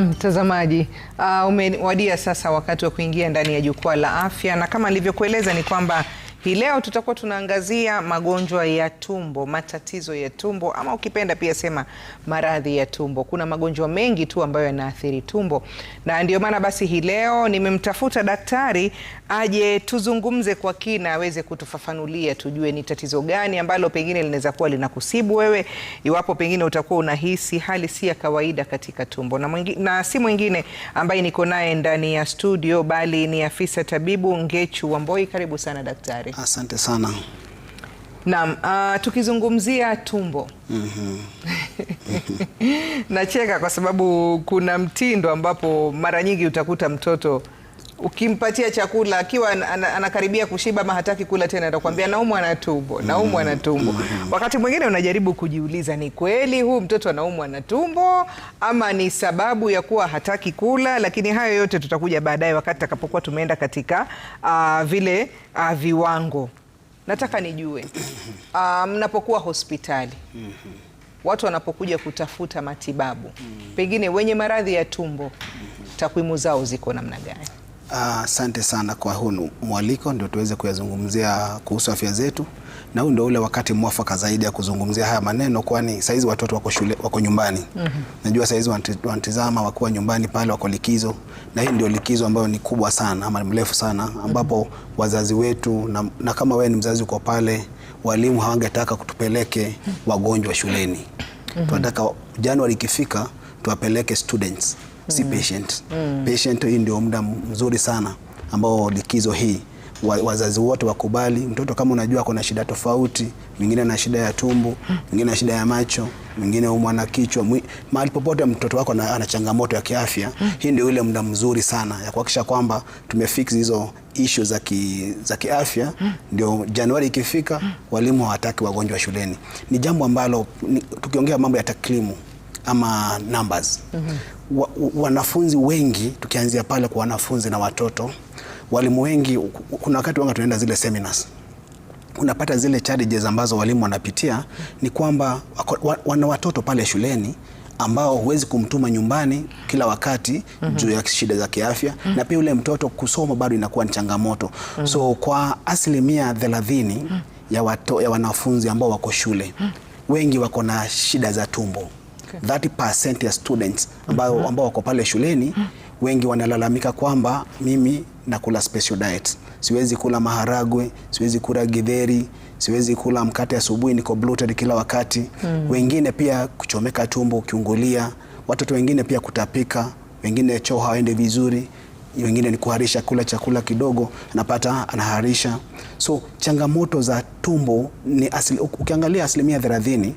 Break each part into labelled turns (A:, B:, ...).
A: mtazamaji, uh, umewadia sasa wakati wa kuingia ndani ya jukwaa la afya, na kama nilivyokueleza ni kwamba hii leo tutakuwa tunaangazia magonjwa ya tumbo, matatizo ya tumbo, ama ukipenda pia sema maradhi ya tumbo. Kuna magonjwa mengi tu ambayo yanaathiri tumbo, na ndio maana basi hii leo nimemtafuta daktari aje tuzungumze kwa kina, aweze kutufafanulia, tujue ni tatizo gani ambalo pengine linaweza kuwa linakusibu wewe, iwapo pengine utakuwa unahisi hali si ya kawaida katika tumbo. Na, mwingi, na si mwingine ambaye niko naye ndani ya studio, bali ni afisa tabibu Ngechu Wamboi. Karibu sana daktari.
B: Asante sana.
A: Naam, uh, tukizungumzia tumbo mm -hmm. nacheka kwa sababu kuna mtindo ambapo mara nyingi utakuta mtoto ukimpatia chakula akiwa anakaribia kushiba ama hataki kula tena, atakwambia naumwa na tumbo, naumwa na tumbo Wakati mwingine unajaribu kujiuliza, ni kweli huu mtoto anaumwa na tumbo ama ni sababu ya kuwa hataki kula? Lakini hayo yote tutakuja baadaye wakati takapokuwa tumeenda katika uh, vile uh, viwango. Nataka nijue mnapokuwa hospitali watu wanapokuja kutafuta matibabu pengine wenye maradhi ya tumbo takwimu zao ziko namna gani?
B: Asante uh, sana kwa huu mwaliko ndio tuweze kuyazungumzia kuhusu afya zetu, na huu ndio ule wakati mwafaka zaidi ya kuzungumzia haya maneno, kwani saizi watoto wako shule, wako nyumbani mm -hmm. Najua saizi wanatizama wakiwa nyumbani pale, wako likizo, na hii ndio likizo ambayo ni kubwa sana ama mrefu sana, ambapo mhm. wazazi wetu na, na kama wewe ni mzazi uko pale, walimu hawangetaka kutupeleke mhm. wagonjwa shuleni mm -hmm. tunataka Januari ikifika tuwapeleke students si mm. patient. Mm. Patient hii ndio muda mzuri sana ambao likizo hii wazazi wote wakubali mtoto, kama unajua kuna shida tofauti, mwingine ana shida ya tumbo, mwingine ana shida ya macho, mwingine umwa na kichwa, mahali popote mtoto wako ana changamoto ya kiafya mm. Hii ndio ile muda mzuri sana ya kuhakikisha kwamba tumefix hizo ishu za ki, za kiafya mm. Ndio Januari ikifika Walimu hawataki wagonjwa shuleni, ni jambo ambalo tukiongea mambo ya takwimu ama numbers mm -hmm wa, wanafunzi wengi, tukianzia pale kwa wanafunzi na watoto, walimu wengi, kuna wakati wanga tunaenda zile seminars unapata zile challenges ambazo walimu wanapitia ni kwamba wana watoto pale shuleni ambao huwezi kumtuma nyumbani kila wakati mm -hmm. juu ya shida za kiafya mm -hmm. na pia ule mtoto kusoma bado inakuwa ni changamoto mm -hmm. so kwa asilimia thelathini mm -hmm. ya, ya wanafunzi ambao wako shule mm -hmm. wengi wako na shida za tumbo okay. 30% ya students ambao, mm -hmm. wako pale shuleni wengi wanalalamika kwamba mimi nakula special diet, siwezi kula maharagwe, siwezi kula githeri, siwezi kula mkate asubuhi, niko bloated kila wakati mm. Wengine pia kuchomeka tumbo ukiungulia, watoto wengine pia kutapika, wengine choo hawaende vizuri, wengine ni kuharisha, kula chakula kidogo anapata anaharisha. So changamoto za tumbo ni asili, ukiangalia asilimia thelathini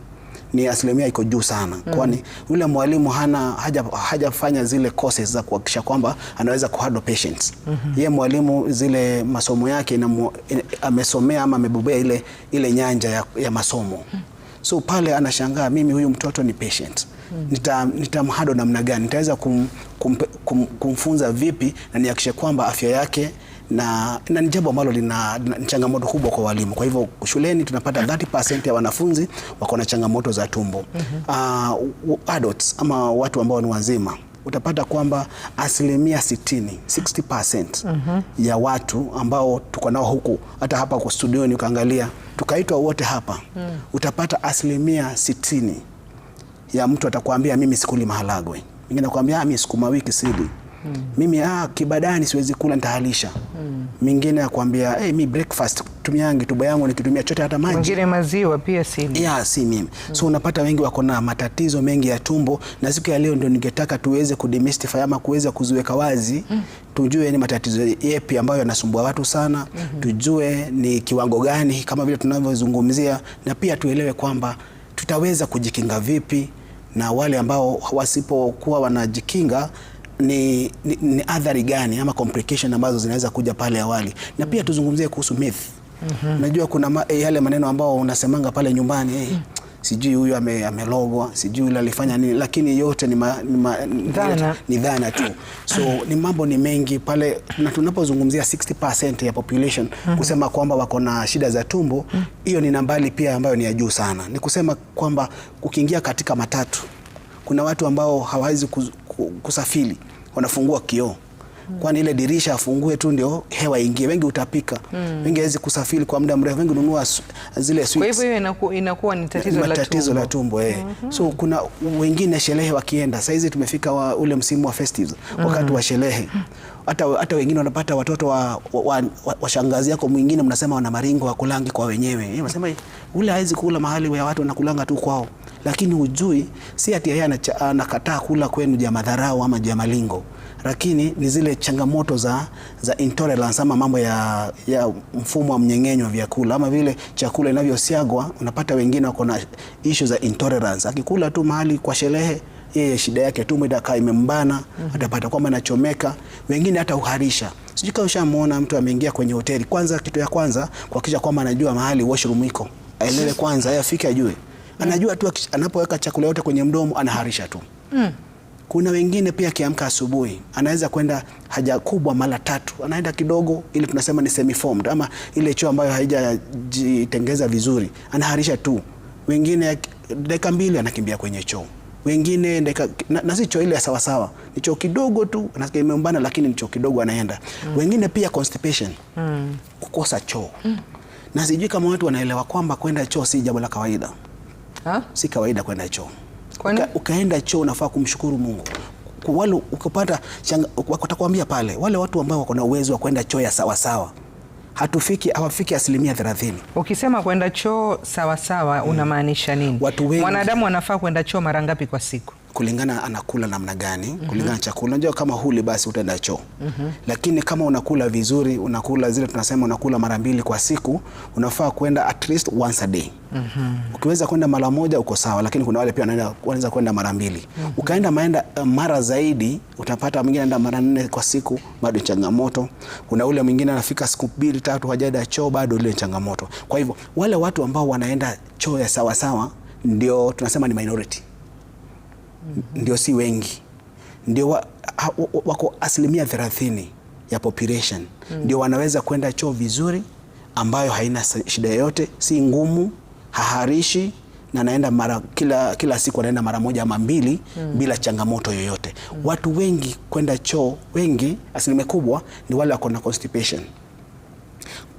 B: ni asilimia iko juu sana mm. Kwani yule mwalimu hana hajafanya haja zile courses za kuhakikisha kwamba anaweza kuhandle patients mm -hmm. Ye mwalimu zile masomo yake inamu, in, amesomea ama amebobea ile, ile nyanja ya, ya masomo mm. So pale anashangaa mimi huyu mtoto ni patient mm. Nita, Nitamhado namna gani nitaweza kum, kum, kum, kumfunza vipi na nihakikishe kwamba afya yake na, na ni jambo ambalo lina changamoto kubwa kwa walimu. Kwa hivyo shuleni tunapata 30% ya wanafunzi wako na changamoto za tumbo. mm -hmm. Uh, adults ama watu ambao ni wazima utapata kwamba asilimia 60, 60% mm -hmm. ya watu ambao tuko nao huku hata hapa kwa studioni ukaangalia tukaitwa wote hapa mm. Utapata asilimia 60 ya mtu atakwambia mimi sikuli maharagwe, mwingine atakwambia ah, mimi sukuma wiki sili mimi ah, kibadani siwezi kula nitahalisha mm. mingine akwambia hey, eh, mi breakfast tumiangi tubo yangu nikitumia chote hata maji.
A: Wengine maziwa pia sili.
B: Ya, si mimi mm. so unapata wengi wako na matatizo mengi ya tumbo, na siku ya leo ndio ningetaka tuweze kudemystify ama kuweza kuziweka wazi mm. tujue ni matatizo yepi ambayo yanasumbua watu sana mm -hmm. tujue ni kiwango gani kama vile tunavyozungumzia, na pia tuelewe kwamba tutaweza kujikinga vipi na wale ambao wasipokuwa wanajikinga ni, ni, ni athari gani ama complication ambazo zinaweza kuja pale awali, na pia tuzungumzie kuhusu myth. Mhm. Unajua mm -hmm. kuna ma, eh, yale maneno ambao unasemanga pale nyumbani eh, mm sijui huyu amelogwa ame sijui yule alifanya nini, lakini yote ni, ma, ni, ma, dhana. ni dhana tu, so ni mambo ni mengi pale, na tunapozungumzia 60% ya population mm -hmm. kusema kwamba wako na shida za tumbo hmm. hiyo mm -hmm. ni nambali pia ambayo ni ya juu sana. Ni kusema kwamba ukiingia katika matatu kuna watu ambao hawawezi kusafiri wanafungua kioo kwani ile dirisha afungue tu ndio hewa ingie. Wengi utapika mm. wengi hawezi kusafiri kwa muda mrefu, wengi nunua zile sweets.
A: Kwa hivyo inaku, inakuwa ni tatizo la tatizo
B: la tumbo eh. mm -hmm. So kuna wengine sherehe wakienda, saa hizi tumefika wa, ule msimu wa festives mm -hmm. wakati wa mhm. sherehe hata, hata wengine wanapata watoto wa, wa, wa, wa shangazi yako mwingine, mnasema wana maringo wa kulangi kwa wenyewe, yeye anasema ule hawezi kula mahali wa watu wanakulanga tu kwao lakini hujui, si ati yeye anakataa kula kwenu jia madharau ama jia malingo, lakini ni zile changamoto za, za intolerance ama mambo ya, ya mfumo wa mnyeng'enyo wa vyakula ama vile chakula inavyosiagwa. Unapata wengine wako na issue za intolerance, akikula tu mahali kwa sherehe yeye shida yake tumbo itakaa imembana, mm -hmm. Atapata kwamba anachomeka, wengine hata uharisha. Sijui kama ushamuona mtu ameingia kwenye hoteli, kwanza kitu ya kwanza kuhakikisha kwamba anajua mahali washroom iko, aelewe kwanza, yeye afike ajue anajua tu anapoweka chakula yote kwenye mdomo anaharisha tu mm. Kuna wengine pia akiamka asubuhi anaweza kwenda haja kubwa mara tatu, anaenda kidogo, ili tunasema ni semi formed ama ile choo ambayo haijajitengeza vizuri, anaharisha tu. Wengine dakika mbili anakimbia kwenye choo, wengine ndeka, na, na si choo ile ya sawasawa, ni choo kidogo tu, nasikia imeumbana, lakini ni choo kidogo anaenda mm. Wengine pia constipation mm. kukosa choo mm. na sijui kama watu wanaelewa kwamba kwenda choo si jambo la kawaida ha? si kawaida kwenda choo. Uka, ukaenda choo unafaa kumshukuru Mungu wale ukipata watakwambia pale, wale watu ambao wako na uwezo wa kwenda choo ya sawasawa hatufiki hawafiki asilimia thelathini.
A: Ukisema kwenda choo sawasawa mm. unamaanisha nini? Watu wengi, mwanadamu anafaa kwenda choo mara ngapi kwa siku?
B: kulingana anakula namna gani, mm -hmm. kulingana chakula. Unajua kama huli basi utaenda choo. mm -hmm. Lakini kama unakula vizuri, unakula zile tunasema unakula mara mbili kwa siku, unafaa kwenda at least once a day. mm -hmm. Ukiweza kwenda mara moja uko sawa, lakini kuna wale pia wanaweza kwenda mara mbili. mm -hmm. Ukaenda maenda eh, mara zaidi, utapata mwingine anaenda mara nne kwa siku, bado changamoto. Kuna ule mwingine anafika siku mbili tatu hajaenda choo, bado ile changamoto. Kwa hivyo wale watu ambao wanaenda choo ya sawasawa ndio tunasema ni minority ndio si wengi, ndio wa, wako asilimia thelathini ya population mm. ndio wanaweza kwenda choo vizuri, ambayo haina shida yoyote, si ngumu, haharishi na naenda mara kila, kila siku anaenda mara moja ama mbili mm. bila changamoto yoyote mm. Watu wengi kwenda choo, wengi asilimia kubwa ni wale wako na constipation.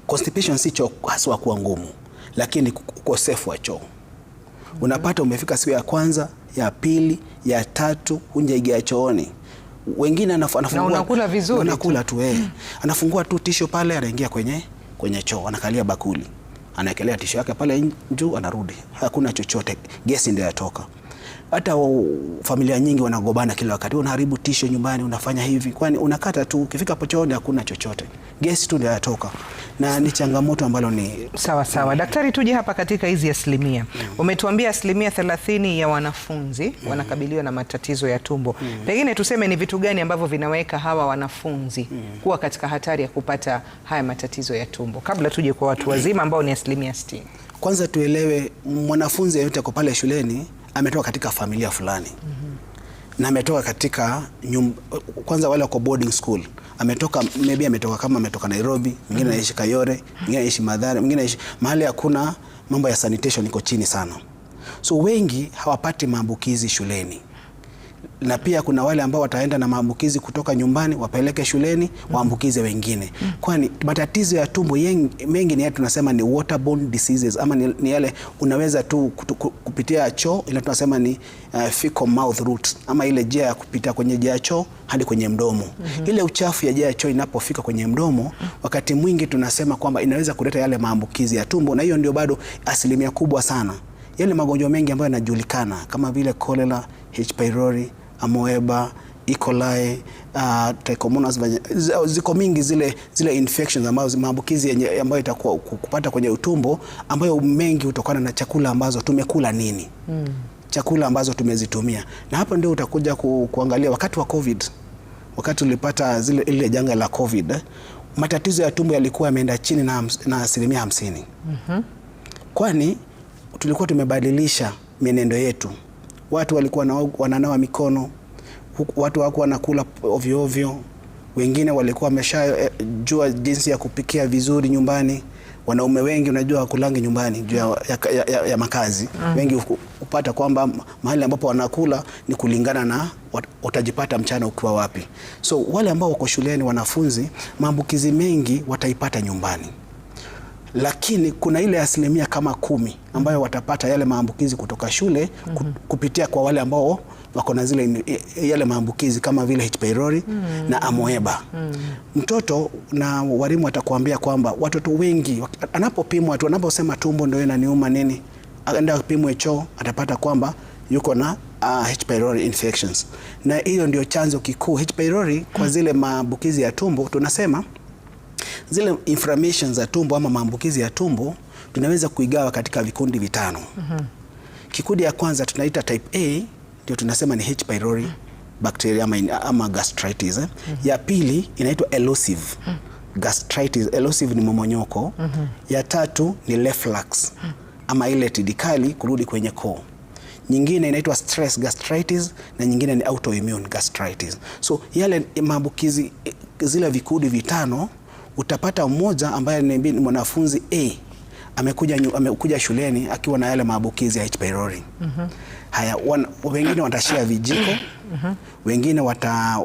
B: Constipation si choo haswa kuwa ngumu, lakini ukosefu wa choo mm. Unapata umefika siku ya kwanza ya pili, ya tatu, hunjaingia chooni
A: wengine anafungua, unakula vizuri,
B: unakula tu eh, hmm. anafungua tu tisho pale, anaingia kwenye kwenye choo, anakalia bakuli, anaekelea tisho yake pale juu, anarudi, hakuna chochote, gesi ndio yatoka. Hata familia nyingi wanagobana kila wakati, unaharibu tisho nyumbani, unafanya hivi, kwani unakata tu, ukifika hapo chooni hakuna chochote gesi tu ndio yatoka na ni changamoto ambalo ni
A: sawa sawa. Daktari, tuje hapa katika hizi asilimia mm. umetuambia asilimia thelathini ya wanafunzi mm. wanakabiliwa na matatizo ya tumbo mm. pengine tuseme ni vitu gani ambavyo vinaweka hawa wanafunzi mm. kuwa katika hatari ya kupata haya matatizo ya tumbo, kabla tuje kwa watu wazima ambao ni asilimia sitini.
B: Kwanza tuelewe mwanafunzi yeyote ako pale shuleni ametoka katika familia fulani mm -hmm. na ametoka katika nyumba, kwanza wale wako boarding school ametoka maybe ametoka kama ametoka Nairobi, mwingine mm-hmm. anaishi Kayore, mwingine anaishi Madhare, mwingine anaishi mahali hakuna mambo ya sanitation iko chini sana, so wengi hawapati maambukizi shuleni na pia kuna wale ambao wataenda na maambukizi kutoka nyumbani wapeleke shuleni waambukize wengine, kwani matatizo ya tumbo mengi ni yale tunasema ni waterborne diseases, ama ni, ni yale unaweza tu kupitia choo, ile tunasema ni uh, fecal mouth route, ama ile njia ya kupita kwenye njia ya choo hadi kwenye mdomo mm -hmm. Ile uchafu ya njia ya choo inapofika kwenye mdomo, mhm. wakati mwingi tunasema kwamba inaweza kuleta yale maambukizi ya tumbo, na hiyo ndio bado asilimia kubwa sana yale magonjwa mengi ambayo yanajulikana kama vile cholera, H pylori amoeba ikolae e. uh, trichomonas uh, ziko mingi zile, zile infections ambazo maambukizi ambayo itakuwa kupata kwenye utumbo ambayo mengi hutokana na chakula ambazo tumekula nini, mm. chakula ambazo tumezitumia, na hapo ndio utakuja ku, kuangalia wakati wa COVID, wakati tulipata zile ile janga la COVID matatizo ya tumbo yalikuwa yameenda chini na asilimia hamsini. mm -hmm. Kwani tulikuwa tumebadilisha mienendo yetu watu walikuwa wananawa mikono, watu hawakuwa wanakula ovyo ovyo, wengine walikuwa wameshajua eh, jinsi ya kupikia vizuri nyumbani. Wanaume wengi unajua wakulangi nyumbani juu ya, ya, ya, ya makazi mm. Wengi hupata kwamba mahali ambapo wanakula ni kulingana na utajipata mchana ukiwa wapi. So wale ambao wako shuleni, wanafunzi, maambukizi mengi wataipata nyumbani lakini kuna ile asilimia kama kumi ambayo watapata yale maambukizi kutoka shule mm -hmm. kupitia kwa wale ambao wako na zile yale maambukizi kama vile H pylori mm -hmm. na amoeba mm -hmm. mtoto na walimu watakuambia kwamba watoto wengi anapopimwa tu anaposema tumbo ndio inaniuma nini, aenda apimwe choo atapata kwamba yuko na uh, H pylori infections, na hiyo ndio chanzo kikuu H pylori kwa hmm. zile maambukizi ya tumbo tunasema zile inflammation za tumbo ama maambukizi ya tumbo tunaweza kuigawa katika vikundi vitano. mm -hmm. Kikundi ya kwanza tunaita type A, ndio tunasema ni H pylori mm -hmm. bacteria ama, ama gastritis eh. mm -hmm. Ya pili inaitwa elusive mm -hmm. gastritis. Elusive ni momonyoko. mm -hmm. Ya tatu ni reflux mm -hmm. ama ile tidikali kurudi kwenye koo nyingine inaitwa stress gastritis na nyingine ni autoimmune gastritis. So yale maambukizi, eh, zile vikundi vitano utapata mmoja ambaye ni mwanafunzi A amekuja, amekuja shuleni akiwa na yale maambukizi ya H pylori. mm -hmm. Haya, wan, wengine watashia vijiko mm -hmm. wengine wata,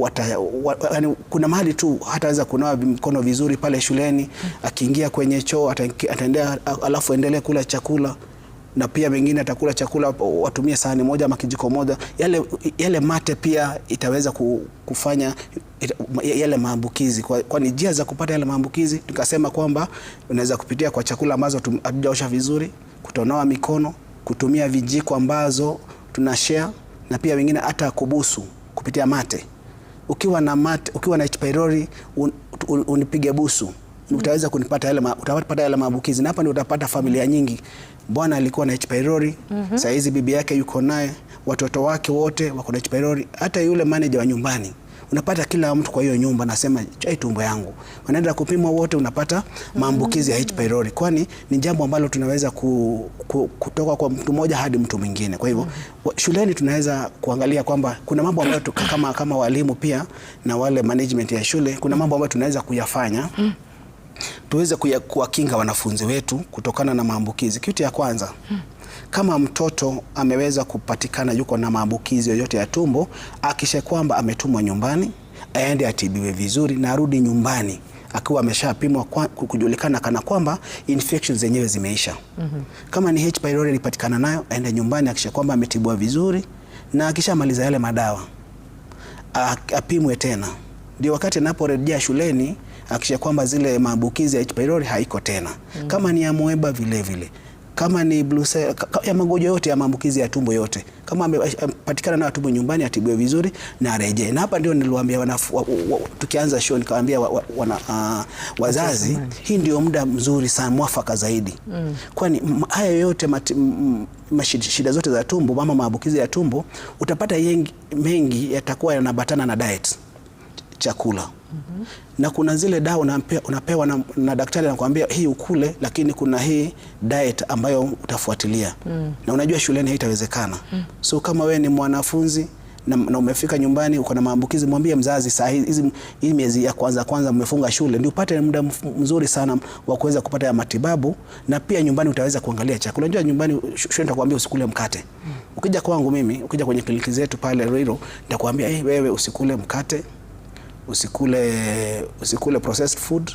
B: wata, wata, yani kuna mahali tu hataweza kunawa mkono vizuri pale shuleni mm -hmm. akiingia kwenye choo ataendea, alafu endelee kula chakula na pia wengine atakula chakula watumie sahani moja ama kijiko moja. Yale, yale mate pia itaweza kufanya yale maambukizi kwani kwa njia za kupata yale maambukizi tukasema kwamba unaweza kupitia kwa chakula ambazo hatujaosha vizuri, kutonoa mikono, kutumia vijiko ambazo tuna share, na pia wengine hata kubusu kupitia mate. Ukiwa na mate, ukiwa na H pylori un, un, unipige busu utaweza kunipata yale utapata yale maambukizi, na hapa ndio utapata familia nyingi. Bwana alikuwa na H pylori mm -hmm. Saa hizi bibi yake yuko naye, watoto wake wote wako na H pylori, hata yule manager wa nyumbani unapata kila mtu kwa hiyo nyumba, nasema chai tumbo yangu, wanaenda kupimwa wote, unapata maambukizi mm -hmm. ya H mm. pylori, kwani ni jambo ambalo tunaweza ku, ku, kutoka kwa mtu mmoja hadi mtu mwingine. Kwa hivyo mm -hmm. shuleni tunaweza kuangalia kwamba kuna mambo ambayo kama, kama walimu pia na wale management ya shule kuna mambo ambayo tunaweza kuyafanya mm -hmm tuweze kuwakinga wanafunzi wetu kutokana na maambukizi. Kitu ya kwanza Kama mtoto ameweza kupatikana yuko na maambukizi yoyote ya tumbo, akishe kwamba ametumwa nyumbani, aende atibiwe vizuri na arudi nyumbani akiwa ameshapimwa kujulikana kana kwamba infections zenyewe zimeisha. mm -hmm. Kama ni H pylori alipatikana nayo, aende nyumbani akisha kwamba ametibiwa vizuri, na akishamaliza yale madawa apimwe tena, ndio wakati anaporejea shuleni akisha kwamba zile maambukizi ya H pylori haiko tena mm. Kama ni amoeba vile vile kama ni blue cell, ya magonjwa yote ya maambukizi ya tumbo yote, kama amepatikana eh, na tumbo nyumbani atibiwe vizuri na arejee. Na hapa ndio niliwaambia tukianza show nikawaambia wa, wa, uh, wazazi hii ndio muda mzuri sana mwafaka zaidi mm. Kwani haya yote shida zote za tumbo mama, maambukizi ya tumbo utapata yengi, mengi yatakuwa yanabatana na diet chakula na kuna zile dawa unapewa, unapewa na, na daktari anakuambia hii ukule, lakini kuna hii diet ambayo utafuatilia mm. na unajua shuleni haitawezekana mm. so kama wewe ni mwanafunzi na, na umefika nyumbani uko na maambukizi, mwambie mzazi saa hizi, hii miezi ya kwanza kwanza mmefunga shule, ndio upate muda mzuri sana wa kuweza kupata ya matibabu, na pia nyumbani utaweza kuangalia chakula. Unajua nyumbani shule nitakwambia usikule mkate mm. Ukija kwangu mimi, ukija kwenye kliniki zetu pale Riro, nitakwambia hey, eh, wewe usikule mkate usikule, usikule processed food,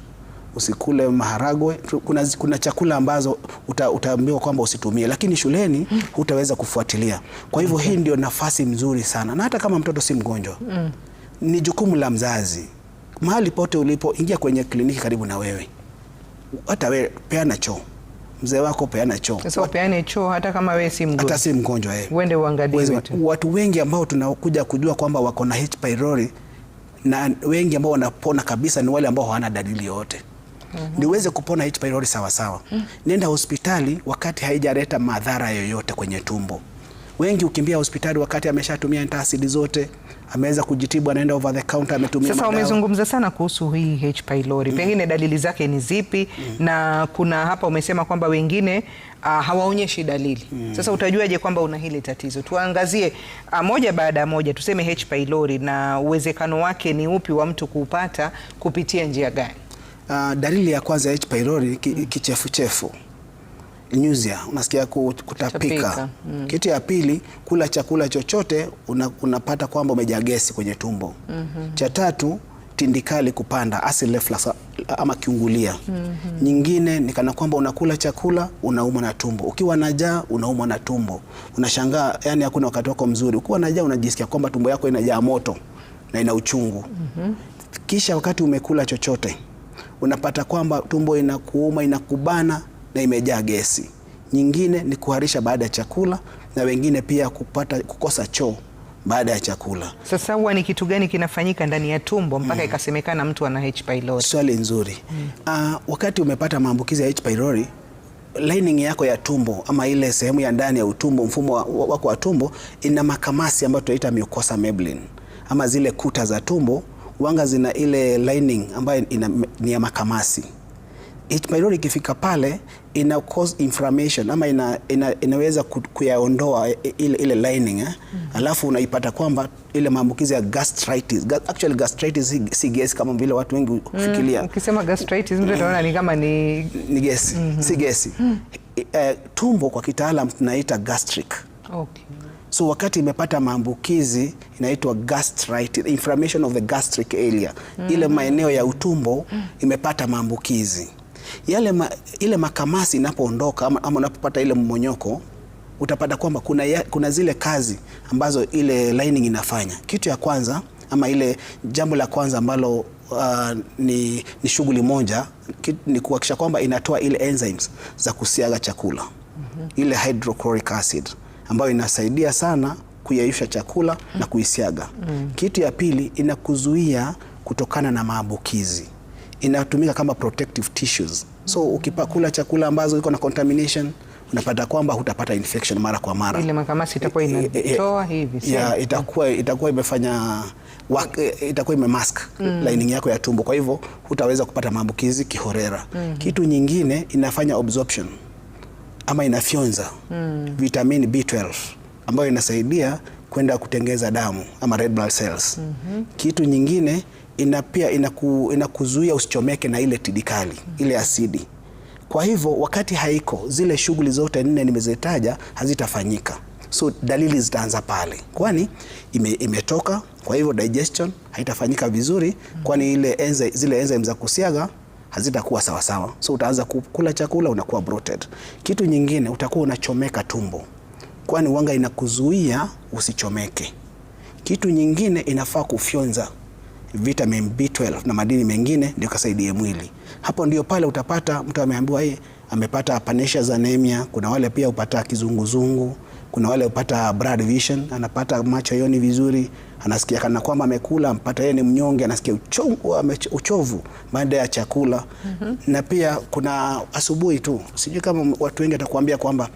B: usikule maharagwe. Kuna, kuna chakula ambazo uta, utaambiwa kwamba usitumie, lakini shuleni hutaweza kufuatilia. Kwa hivyo hii ndio nafasi mzuri sana, na hata kama mtoto si mgonjwa mm. ni jukumu la mzazi mahali pote ulipo, ingia kwenye kliniki karibu na wewe, hata wewe peana choo mzee wako peana choo.
A: Sasa peane choo hata kama wewe si mgonjwa.
B: Hata eh. si mgonjwa yeye.
A: Uende uangalie.
B: Watu wengi ambao tunakuja kujua kwamba wako na H pylori na wengi ambao wanapona kabisa ni wale ambao hawana dalili yoyote. Mm -hmm. Niweze kupona H. pylori sawa sawa. Mm -hmm. Nenda hospitali wakati haijaleta madhara yoyote kwenye tumbo. Wengi ukimbia hospitali wakati ameshatumia antacid zote, ameweza kujitibu, anaenda over the counter, ametumia sasa
A: madawa. Umezungumza sana kuhusu hii H pylori, mm. pengine dalili zake ni zipi? mm. na kuna hapa umesema kwamba wengine uh, hawaonyeshi dalili mm. Sasa utajuaje kwamba una hili tatizo? Tuangazie uh, moja baada ya moja, tuseme H pylori na uwezekano wake ni upi wa mtu kuupata kupitia njia gani?
B: Uh, dalili ya kwanza H pylori ki, mm. kichefuchefu nyuzia, unasikia kutapika. Mm. Kitu ya pili, kula chakula chochote una, unapata kwamba umejaa gesi kwenye tumbo. Mm -hmm. Cha tatu tindikali kupanda acid reflux ama kiungulia. mm -hmm. Nyingine ni kana kwamba unakula chakula unaumwa na tumbo, ukiwa na unaumwa na tumbo, unashangaa yani hakuna wakati wako mzuri. Ukiwa najaa unajisikia kwamba tumbo yako inajaa moto na ina uchungu. mm -hmm. Kisha wakati umekula chochote unapata kwamba tumbo inakuuma inakubana na imejaa gesi, nyingine ni kuharisha baada ya chakula, na wengine pia kupata kukosa choo baada ya chakula.
A: Sasa huwa ni kitu gani kinafanyika ndani ya tumbo mpaka mm. ikasemekana mtu ana H pylori?
B: Swali nzuri mm. Uh, wakati umepata maambukizi ya H pylori lining yako ya tumbo ama ile sehemu ya ndani ya utumbo, mfumo wako wa tumbo ina makamasi ambayo tunaita mucosa membrane ama zile kuta za tumbo wanga zina ile lining ambayo ina, ni ya makamasi it Ismailoli ikifika pale ina cause inflammation ama ina, ina, inaweza kuyaondoa ile, ile lining eh? Mm. Alafu unaipata kwamba ile maambukizi ya gastritis. Ga, Actually gastritis si, si gesi kama vile watu wengi mm, hufikiria.
A: Ukisema gastritis mtu anaona ni kama ni
B: ni gesi, mm-hmm. si gesi. Mm-hmm. Eh, tumbo kwa kitaalam tunaita gastric. Okay. So wakati imepata maambukizi inaitwa gastritis, inflammation of the gastric area. Mm. Ile mm-hmm. maeneo ya utumbo mm. imepata maambukizi yale ma, ile makamasi inapoondoka ama unapopata ile mmonyoko utapata kwamba kuna, ya, kuna zile kazi ambazo ile lining inafanya. Kitu ya kwanza ama ile jambo la kwanza ambalo uh, ni, ni shughuli moja ni kuhakikisha kwamba inatoa ile enzymes za kusiaga chakula mm -hmm. ile hydrochloric acid ambayo inasaidia sana kuyeyusha chakula mm -hmm. na kuisiaga mm -hmm. Kitu ya pili inakuzuia kutokana na maambukizi inatumika kama protective tissues. So ukipakula chakula ambazo iko na contamination unapata kwamba hutapata infection mara kwa mara.
A: Ile makamasi itakuwa inatoa hivi.
B: Yeah, itakuwa itakuwa imefanya work, itakuwa imemask mm. lining yako ya tumbo, kwa hivyo hutaweza kupata maambukizi kihorera mm. Kitu nyingine inafanya absorption ama inafyonza mm. vitamini B12 ambayo inasaidia kwenda kutengeza damu ama red blood cells mm -hmm. Kitu nyingine ina pia inaku, inakuzuia usichomeke na ile tidikali ile asidi. Kwa hivyo wakati haiko, zile shughuli zote nne nimezitaja hazitafanyika, so dalili zitaanza pale, kwani ime, imetoka. Kwa hivyo digestion haitafanyika vizuri, mm -hmm. kwani ile enze, zile enzymes za kusiaga hazitakuwa sawasawa, so utaanza kula chakula unakuwa bloated. Kitu nyingine utakuwa unachomeka tumbo, kwani wanga inakuzuia usichomeke. Kitu nyingine inafaa kufyonza vitamin B12 na madini mengine ndio kasaidie mwili. Hapo ndio pale utapata mtu ameambiwa yeye eh, amepata pernicious anemia. Kuna wale pia upata kizunguzungu, kuna wale upata blurred vision, anapata macho yoni vizuri, anasikia kana kwamba amekula, ampata yeye ni mnyonge, anasikia uchovu, uchovu baada ya chakula mm -hmm. na pia kuna asubuhi tu, sijui kama watu wengi atakwambia kwamba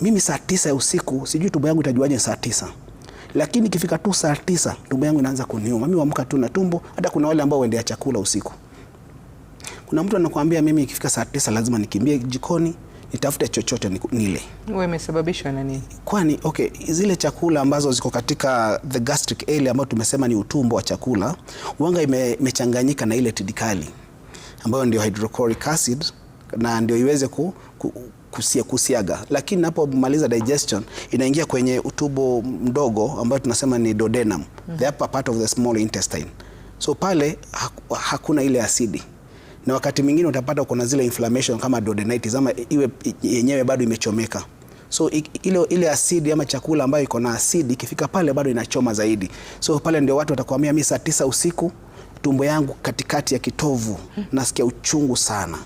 B: mimi saa tisa ya usiku sijui tumbo yangu itajuaje saa tisa lakini ikifika tu saa tisa tumbo yangu inaanza kuniuma. Mimi huamka tu na tumbo. Hata kuna wale ambao waendea chakula usiku. Kuna mtu anakuambia mimi ikifika saa tisa lazima nikimbie jikoni nitafute chochote nile.
A: Wewe imesababishwa na nini?
B: Kwani okay, zile chakula ambazo ziko katika the gastric area ambayo tumesema ni utumbo wa chakula, wanga imechanganyika na ile tidikali ambayo ndio hydrochloric acid na ndio iweze ku, ku, kusia, kusiaga, lakini napomaliza digestion inaingia kwenye utubo mdogo ambao tunasema ni duodenum, mm -hmm. the upper part of the small intestine. So pale hakuna ile asidi na wakati mwingine utapata kuna zile inflammation kama duodenitis ama iwe yenyewe bado imechomeka. So ile, ile asidi ama chakula ambayo iko na asidi ikifika pale bado inachoma zaidi. So pale ndio watu watakwambia mimi saa tisa usiku tumbo yangu katikati ya kitovu nasikia uchungu sana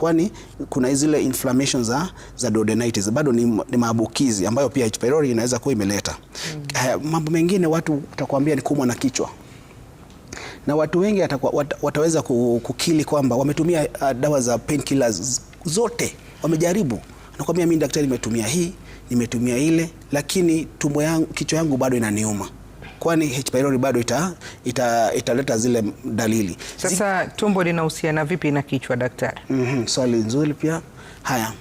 B: kwani kuna zile inflammation za, za duodenitis bado ni, ni maambukizi ambayo pia H pylori inaweza kuwa imeleta mm. Uh, mambo mengine watu utakwambia ni kuumwa na kichwa na watu wengi atakuwa, wat, wataweza kukili kwamba wametumia uh, dawa za painkillers zote wamejaribu, nakwambia mimi daktari, nimetumia hii nimetumia ile, lakini tumbo yangu kichwa yangu bado inaniuma kwani H pylori bado italeta ita, ita zile dalili.
A: Sasa Zik... tumbo linahusiana vipi na kichwa daktari? mm
B: -hmm, swali nzuri pia. Haya,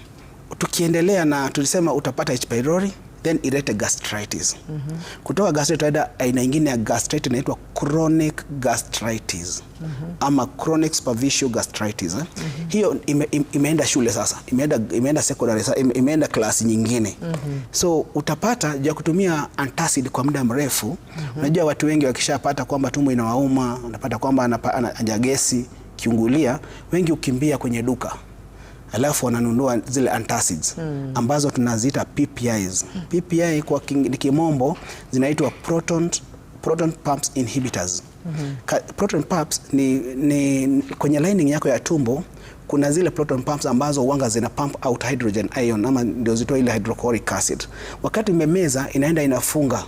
B: tukiendelea na tulisema utapata H pylori then ilete gastritis. mm -hmm. Kutoka gastritis aina nyingine ya gastritis inaitwa chronic gastritis mm -hmm. ama chronic superficial gastritis eh? mm -hmm. Hiyo ime, imeenda shule sasa, imeenda, imeenda secondary sasa, ime, imeenda class nyingine mm -hmm. So utapata jua kutumia antacid kwa muda mrefu mm -hmm. Unajua watu wengi wakishapata kwamba tumbo inawauma, unapata kwamba anaja anajagesi kiungulia, wengi ukimbia kwenye duka Mm alafu wananunua zile antacids mm. ambazo tunaziita PPIs. PPI kwa kimombo zinaitwa proton, proton pumps inhibitors mm -hmm. Proton pumps ni, ni kwenye lining yako ya tumbo kuna zile proton pumps ambazo uanga zina pump out hydrogen ion ama ndio zitoa ile hydrochloric acid. Wakati umemeza inaenda inafunga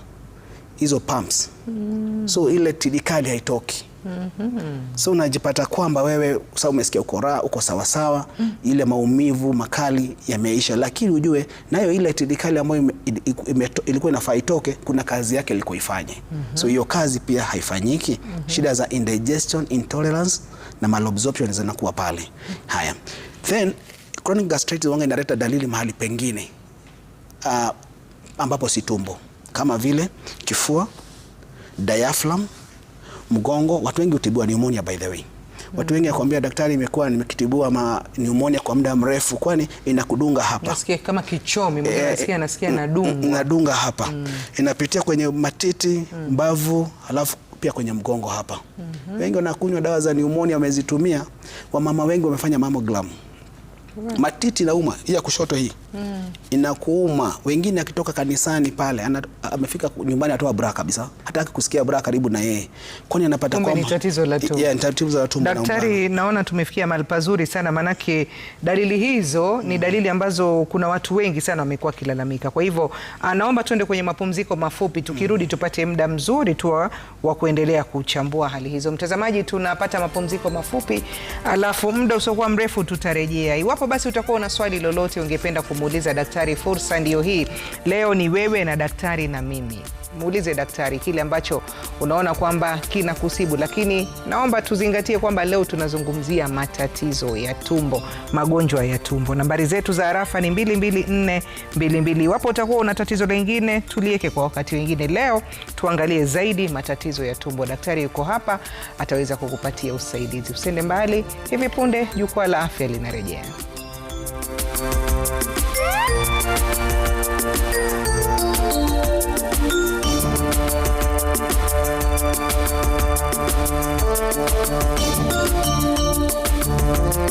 B: hizo pumps mm. so ile tidikali haitoki -hmm. So unajipata kwamba wewe sasa umesikia uko raha, uko sawasawa mm -hmm. Ile maumivu makali yameisha, lakini ujue nayo ile tidikali ambayo ilikuwa inafaa itoke, kuna kazi yake ilikuwa ifanye mm -hmm. So hiyo kazi pia haifanyiki mm -hmm. Shida za indigestion intolerance na malabsorption zinakuwa pale mm -hmm. Haya, then chronic gastritis wanga inaleta dalili mahali pengine uh, ambapo si tumbo kama vile kifua, diaphragm mgongo. Watu wengi hutibiwa pneumonia by the way. Watu wengi akwambia daktari, imekuwa nimekitibua ma pneumonia kwa muda mrefu, kwani inakudunga hapa.
A: Nasikia kama kichomi, mmoja eh, nasikia nasikia eh, nadunga.
B: Nadunga hapa. Mm. Inapitia kwenye matiti, mm. mbavu, halafu pia kwenye mgongo hapa. Mm -hmm. Wengi wanakunywa dawa za pneumonia wamezitumia, wamama wengi wamefanya mammogram matiti nauma, hii ya kushoto hii mm. inakuuma. Wengine akitoka kanisani pale ana, amefika nyumbani atoa bra kabisa, hataki kusikia bra karibu na yeye, kwani anapata kwa ni
A: tatizo la tumbo.
B: Yeah, tatizo la tumbo.
A: Daktari, naona tumefikia mahali pazuri sana, maanake dalili hizo mm. ni hmm. dalili ambazo kuna watu wengi sana wamekuwa kilalamika. Kwa hivyo anaomba ah, tuende kwenye mapumziko mafupi, tukirudi mm. tupate muda mzuri tu wa kuendelea kuchambua hali hizo. Mtazamaji, tunapata mapumziko mafupi alafu muda usiokuwa mrefu tutarejea Iwapo wako basi utakuwa una swali lolote ungependa kumuuliza daktari, fursa ndio hii. Leo ni wewe na daktari na mimi. Muulize daktari kile ambacho unaona kwamba kina kusibu, lakini naomba tuzingatie kwamba leo tunazungumzia matatizo ya tumbo, magonjwa ya tumbo. Nambari zetu za arafa ni 224 22. Iwapo utakuwa una tatizo lingine, tulieke kwa wakati wengine. Leo tuangalie zaidi matatizo ya tumbo. Daktari yuko hapa, ataweza kukupatia usaidizi. Usende mbali, hivi punde jukwaa la afya linarejea. ¡Gracias!